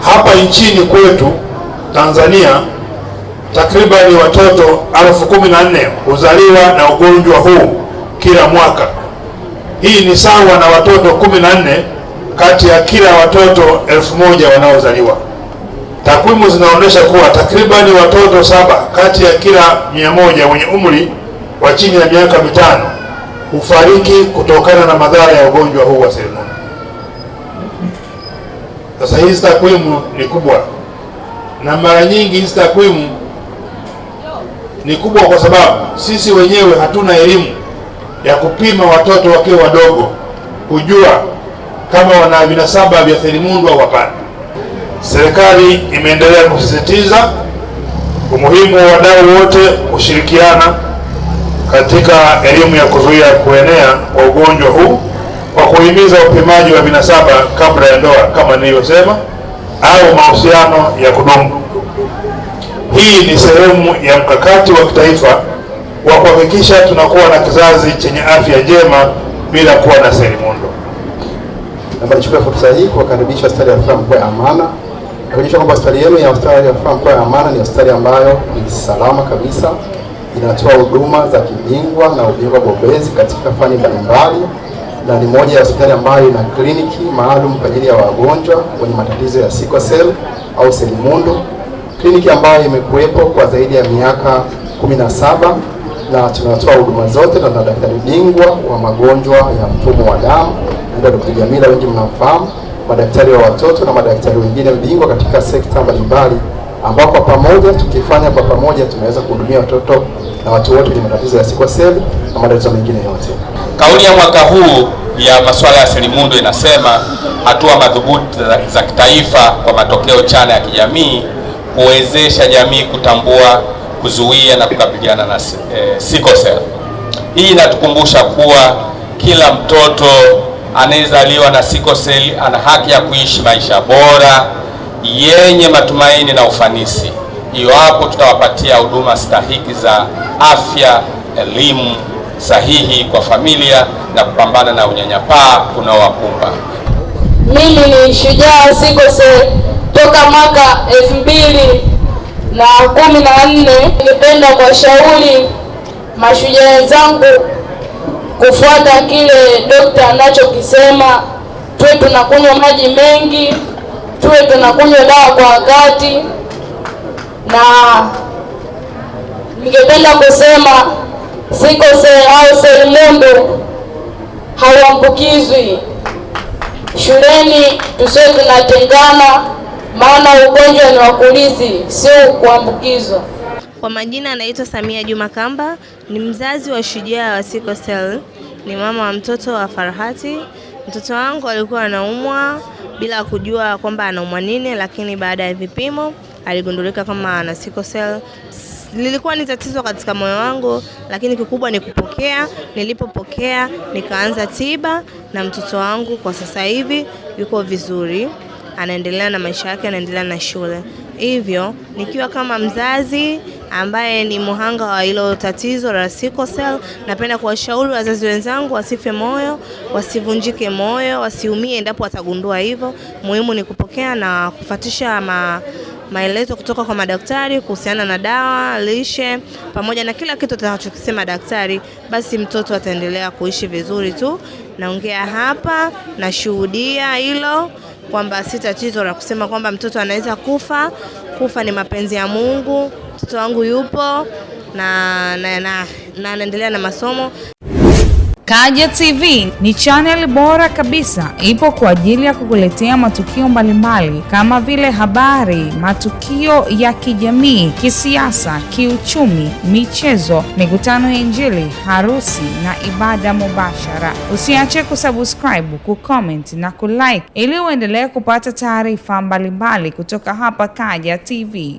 Hapa nchini kwetu Tanzania takribani watoto elfu kumi na nne huzaliwa na ugonjwa huu kila mwaka. Hii ni sawa na watoto kumi na nne kati ya kila watoto elfu moja wanaozaliwa. Takwimu zinaonyesha kuwa takribani watoto saba kati ya kila mia moja wenye umri wa chini ya miaka mitano hufariki kutokana na madhara ya ugonjwa huu wa selimundu. Sasa hizi takwimu ni kubwa, na mara nyingi hizi takwimu ni kubwa kwa sababu sisi wenyewe hatuna elimu ya kupima watoto wakiwa wadogo kujua kama wana vinasaba vya selimundu au hapana. Serikali imeendelea kusisitiza umuhimu wa wadau wote kushirikiana katika elimu ya kuzuia kuenea kwa ugonjwa huu kwa kuhimiza upimaji wa vinasaba kabla ya ndoa kama nilivyosema, au mahusiano ya kudumu. Hii ni sehemu ya mkakati wa kitaifa wa kuhakikisha tunakuwa na kizazi chenye afya njema bila kuwa na selimundo. Naomba nichukue fursa hii kuwakaribisha hospitali ya rufaa mkoa ya Amana, kuhakikisha kwamba hospitali yenu ya hospitali ya rufaa mkoa ya Amana ni hospitali ambayo ni salama kabisa inatoa huduma za kibingwa na ubingwa bobezi katika fani mbalimbali na ni moja ya hospitali ambayo ina kliniki maalum kwa ajili ya wagonjwa wenye matatizo ya sickle cell au selimundu, kliniki ambayo imekuwepo kwa zaidi ya miaka 17 na tunatoa huduma zote na daktari bingwa wa magonjwa ya mfumo wa damu ndio Dr. Jamila, wengi mnamfahamu, madaktari wa watoto na madaktari wengine bingwa katika sekta mbalimbali ambao kwa pamoja tukifanya kwa pamoja tunaweza kuhudumia watoto na watu wote wenye matatizo ya sickle cell na matatizo mengine yote. Kauli ya mwaka huu ya masuala ya Selimundu inasema hatua madhubuti za kitaifa kwa matokeo chana ya kijamii kuwezesha jamii kutambua, kuzuia na kukabiliana na eh, sickle cell. Hii inatukumbusha kuwa kila mtoto anayezaliwa na sickle cell ana haki ya kuishi maisha bora yenye matumaini na ufanisi iwapo tutawapatia huduma stahiki za afya, elimu sahihi kwa familia na kupambana na unyanyapaa unaowakumba. Mimi ni Shujaa Sikose toka mwaka elfu mbili na kumi na nne. Ningependa shauli mashujaa wenzangu kufuata kile dokta anachokisema, tuwe tunakunywa maji mengi tuwe tunakunywa dawa kwa wakati, na ningependa kusema siko seli au selmundu hauambukizwi. Shuleni tusiwe tunatengana, maana ugonjwa ni wakulizi sio kuambukizwa. Kwa majina anaitwa Samia Juma Kamba, ni mzazi wa shujaa wa siko ni mama wa mtoto wa Farhati. Mtoto wangu alikuwa anaumwa bila kujua kwamba anaumwa nini, lakini baada ya vipimo aligundulika kama ana sickle cell. Lilikuwa ni tatizo katika moyo wangu, lakini kikubwa ni kupokea. Nilipopokea nikaanza tiba, na mtoto wangu kwa sasa hivi yuko vizuri, anaendelea na maisha yake, anaendelea na shule. Hivyo nikiwa kama mzazi ambaye ni muhanga wa hilo tatizo la sickle cell. Napenda kuwashauri wazazi wenzangu wasife moyo, wasivunjike moyo, wasiumie endapo watagundua hivyo. Muhimu ni kupokea na kufatisha ma maelezo kutoka kwa madaktari kuhusiana na dawa, lishe pamoja na kila kitu atakachokisema daktari, basi mtoto ataendelea kuishi vizuri tu. Naongea hapa, nashuhudia hilo kwamba si tatizo la kusema kwamba mtoto anaweza kufa. Kufa ni mapenzi ya Mungu mtoto wangu yupo na, na, na, na na masomo. Kaja TV ni channel bora kabisa, ipo kwa ajili ya kukuletea matukio mbalimbali kama vile habari, matukio ya kijamii, kisiasa, kiuchumi, michezo, mikutano ya Injili, harusi na ibada mubashara. Usiache kusubscribe, kucomment na kulike ili uendelee kupata taarifa mbalimbali kutoka hapa Kaja TV.